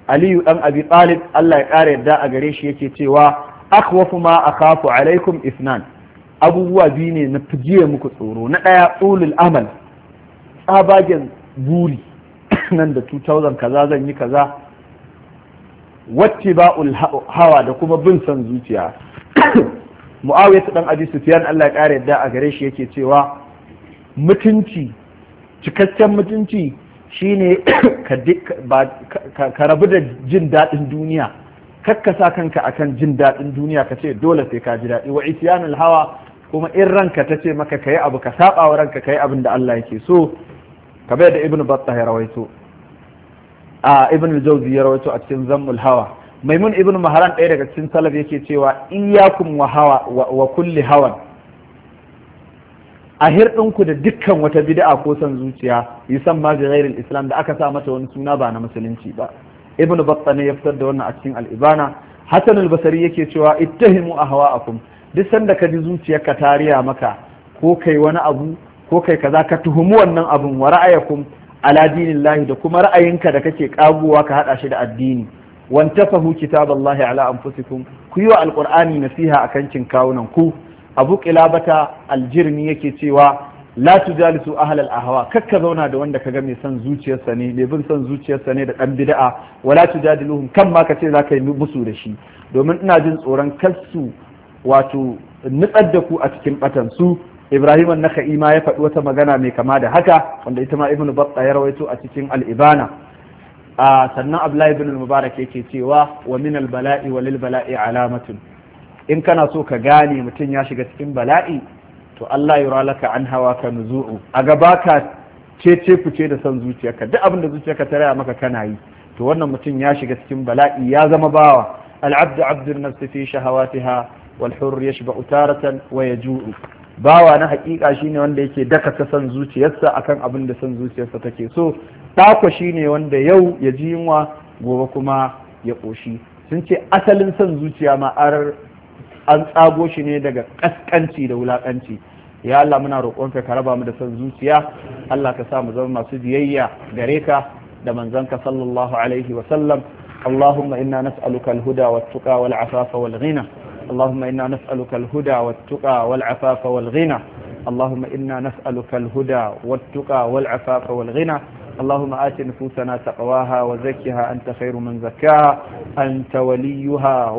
A: aliyu dan abi talib Allah ya kare yadda a gare shi yake cewa akhwafu ma akhafu alaikum isnan abubuwa biyu ne na fijiya muku tsoro na ɗaya tsulul amal tsabagen buri *coughs* nan da 2000 kaza zan yi kaza wacce ba hawa da kuma bin son zuciya ta *coughs* ɗan abi sufiyan Allah ya kare yadda a gare shi yake cewa mutunci cikakken mutunci shine *coughs* ka rabu da jin daɗin duniya kakkasa kanka akan jin daɗin duniya ka ce dole sai ka ji daɗi wa Isiyanu hawa kuma in ranka ta ce maka kayi abu ka saba wa ranka kayi abin da Allah yake so Ka bai da Ibn batta ya rawaito a ibn jawzi ya rawaito a cikin zammul hawa maimun Ibn maharan ɗaya daga cikin salaf yake cewa iyyakum wa hawa wa kulli hawan a hirɗinku da dukkan wata bida'a ko son zuciya yi san ma islam da aka sa mata wani suna ba na musulunci ba ibn batta ne ya fitar da wannan a cikin al'ibana hasan Basari yake cewa ittahimu akum. duk sanda ka ji zuciyarka ka riya maka ko kai wani abu ko kai kaza ka tuhumi wannan abun wa ra'ayakum ala dinillahi da kuma ra'ayinka da kake kaguwa ka hada shi da addini wantafahu kitaballahi ala anfusikum ku yi wa alqur'ani nasiha akan cin kawunan ku abu qilabata aljirmi yake cewa la tujalisu ahlal ahwa kakka zauna da wanda kaga mai son zuciyarsa ne mai bin son zuciyarsa ne da dan bid'a wala tujadiluhum kan ma kace zaka yi musu da shi domin ina jin tsoron kassu wato nutsar da ku a cikin batan su Ibrahim an-Nakhai ma ya faɗi wata magana mai kama da haka wanda ita ma ibnu batta ya rawaito a cikin al-Ibana a sannan abdullahi ibn al-Mubarak yake cewa wa min al-bala'i wa lil bala'i alamatun in kana so ka gane mutum ya shiga cikin bala'i to Allah yura laka an hawa ka nuzu'u a gaba ka cece fice da son zuciyarka duk abin da zuciyarka ta raya maka kana yi to wannan mutum ya shiga cikin bala'i ya zama bawa al'abdu abdul nafsi fi shahawatiha wal hurr yashba'u taratan wa yaju'u bawa na hakika shine wanda yake daka ta son zuciyarsa akan abin da son zuciyarsa take so tako shine wanda yau ya ji yunwa gobe kuma ya ƙoshi. sun ce asalin son zuciya ma an tsago shi ne daga kaskanci da wulakanci ya Allah muna roƙonka ka raba mu da san zuciya Allah ka sa mu zama masu biyayya gare ka da manzanka sallallahu alaihi wa sallam Allahumma inna nas'aluka al-huda wat-tuqa wal-afafa wal-ghina Allahumma inna nas'aluka al-huda wat-tuqa wal-afafa wal-ghina Allahumma inna nas'aluka al-huda wat-tuqa wal-afafa wal-ghina اللهم آت نفوسنا تقواها وزكها أنت خير من زكاها أنت وليها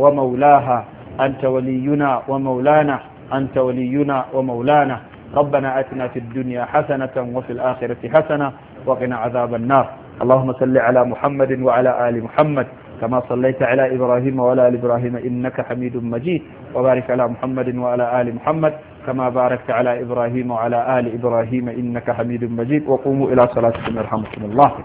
A: أنت ولينا ومولانا أنت ولينا ومولانا ربنا أتنا في الدنيا حسنة وفي الآخرة حسنة وقنا عذاب النار اللهم صل على محمد وعلى آل محمد كما صليت على إبراهيم وعلى آل إبراهيم إنك حميد مجيد وبارك على محمد وعلى آل محمد كما باركت على إبراهيم وعلى آل إبراهيم إنك حميد مجيد وقوموا إلى صلاتكم يرحمكم الله